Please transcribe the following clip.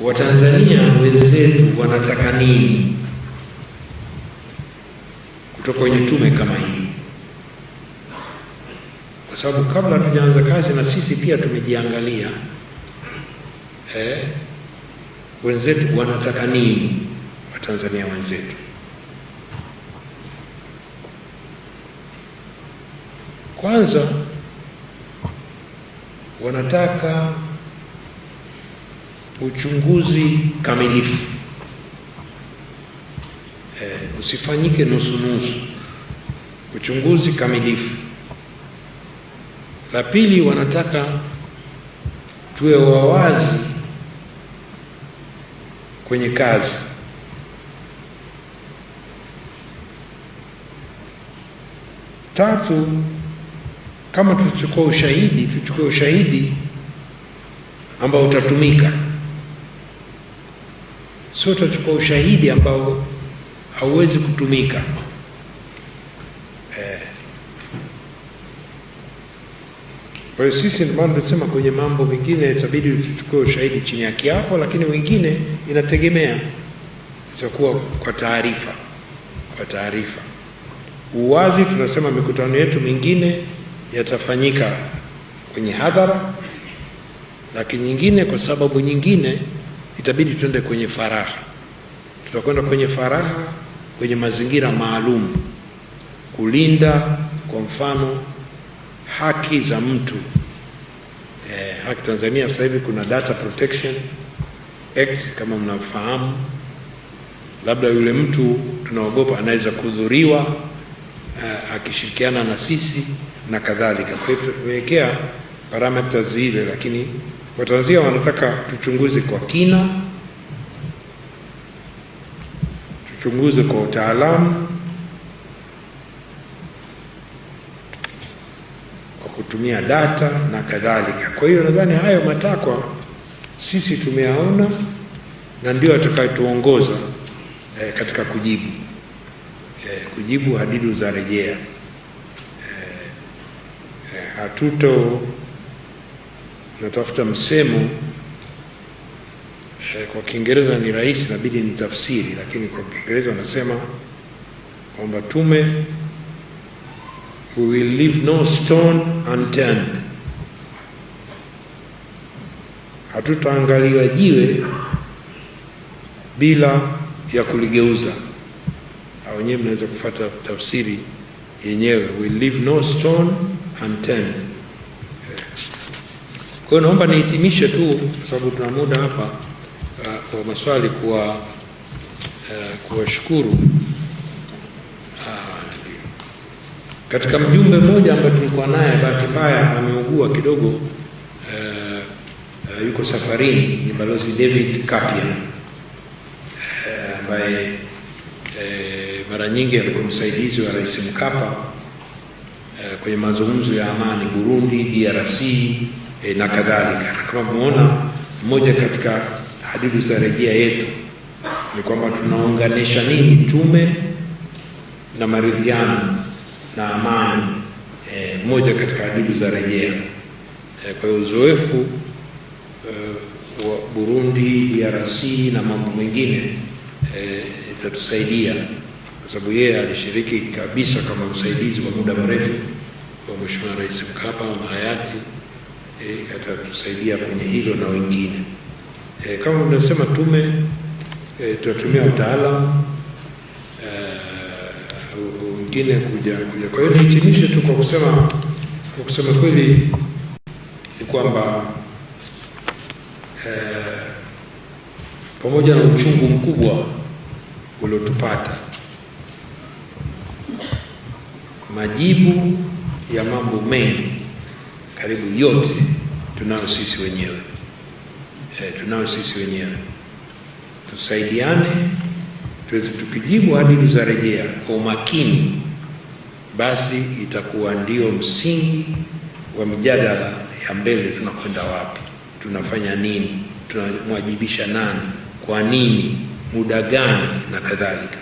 Watanzania wenzetu wanataka nini kutoka kwenye tume kama hii, kwa sababu kabla hatujaanza kazi na sisi pia tumejiangalia eh, wenzetu wanataka nini, Watanzania wenzetu. Kwanza wanataka uchunguzi kamilifu e, usifanyike nusu nusu, uchunguzi kamilifu. La pili, wanataka tuwe wawazi kwenye kazi. Tatu, kama tuchukua ushahidi, tuchukue ushahidi ambao utatumika sio tutachukua ushahidi ambao hauwezi kutumika eh. Kwa hiyo sisi ndio maana tunasema kwenye mambo mengine itabidi tuchukue ushahidi chini ya kiapo, lakini wengine inategemea itakuwa kwa taarifa. Kwa taarifa uwazi, tunasema mikutano yetu mingine yatafanyika kwenye hadhara, lakini nyingine kwa sababu nyingine itabidi tuende kwenye faraha. Tutakwenda kwenye faraha kwenye mazingira maalum, kulinda kwa mfano haki za mtu eh, haki Tanzania sasa hivi kuna Data Protection Act kama mnafahamu, labda yule mtu tunaogopa anaweza kudhuriwa eh, akishirikiana na sisi na kadhalika. Kwa hivyo tumewekea parameters zile, lakini Watanzania wanataka tuchunguze kwa kina, tuchunguze kwa utaalamu kwa kutumia data na kadhalika. Kwa hiyo nadhani hayo matakwa sisi tumeyaona na ndio atakayetuongoza eh, katika kujibu eh, kujibu hadidu za rejea eh, eh, hatuto natafuta msemo eh, kwa Kiingereza ni rahisi, inabidi ni tafsiri, lakini kwa Kiingereza wanasema kwamba tume, we will leave no stone unturned, hatutaangalia jiwe bila ya kuligeuza. Au wenyewe mnaweza kufuata tafsiri yenyewe, we will leave no stone unturned kwa hiyo naomba nihitimishe tu, kwa sababu tuna muda hapa uh, kwa maswali, kwa uh, kuwashukuru uh, katika mjumbe mmoja ambaye tulikuwa naye, bahati mbaya ameugua kidogo uh, uh, yuko safarini, ni Balozi David Kapia uh, ambaye uh, uh, mara nyingi alikuwa msaidizi wa Rais Mkapa uh, kwenye mazungumzo ya amani Burundi, DRC e, na kadhalika. Kama muona mmoja katika hadidu za rejea yetu ni kwamba tunaunganisha nini tume na maridhiano na amani e, moja katika hadidu za rejea e, kwa hiyo uzoefu e, wa Burundi, DRC na mambo mengine e, itatusaidia e, kwa sababu yeye alishiriki kabisa kama msaidizi wa muda mrefu wa Mheshimiwa Rais Mkapa na hayati e, atatusaidia kwenye hilo na wengine e, kama unasema tume e, tutatumia wataalamu e, wengine kuja kuja. Kwa hiyo nihitimishe tu kwa kusema kwa kusema kweli ni kwamba eh, pamoja na uchungu mkubwa uliotupata majibu ya mambo mengi karibu yote tunayo sisi wenyewe e, tunayo sisi wenyewe. Tusaidiane tuweze, tukijibu hadidu za rejea kwa umakini, basi itakuwa ndio msingi wa mijadala ya mbele. Tunakwenda wapi? Tunafanya nini? Tunamwajibisha nani? Kwa nini? Muda gani? na kadhalika.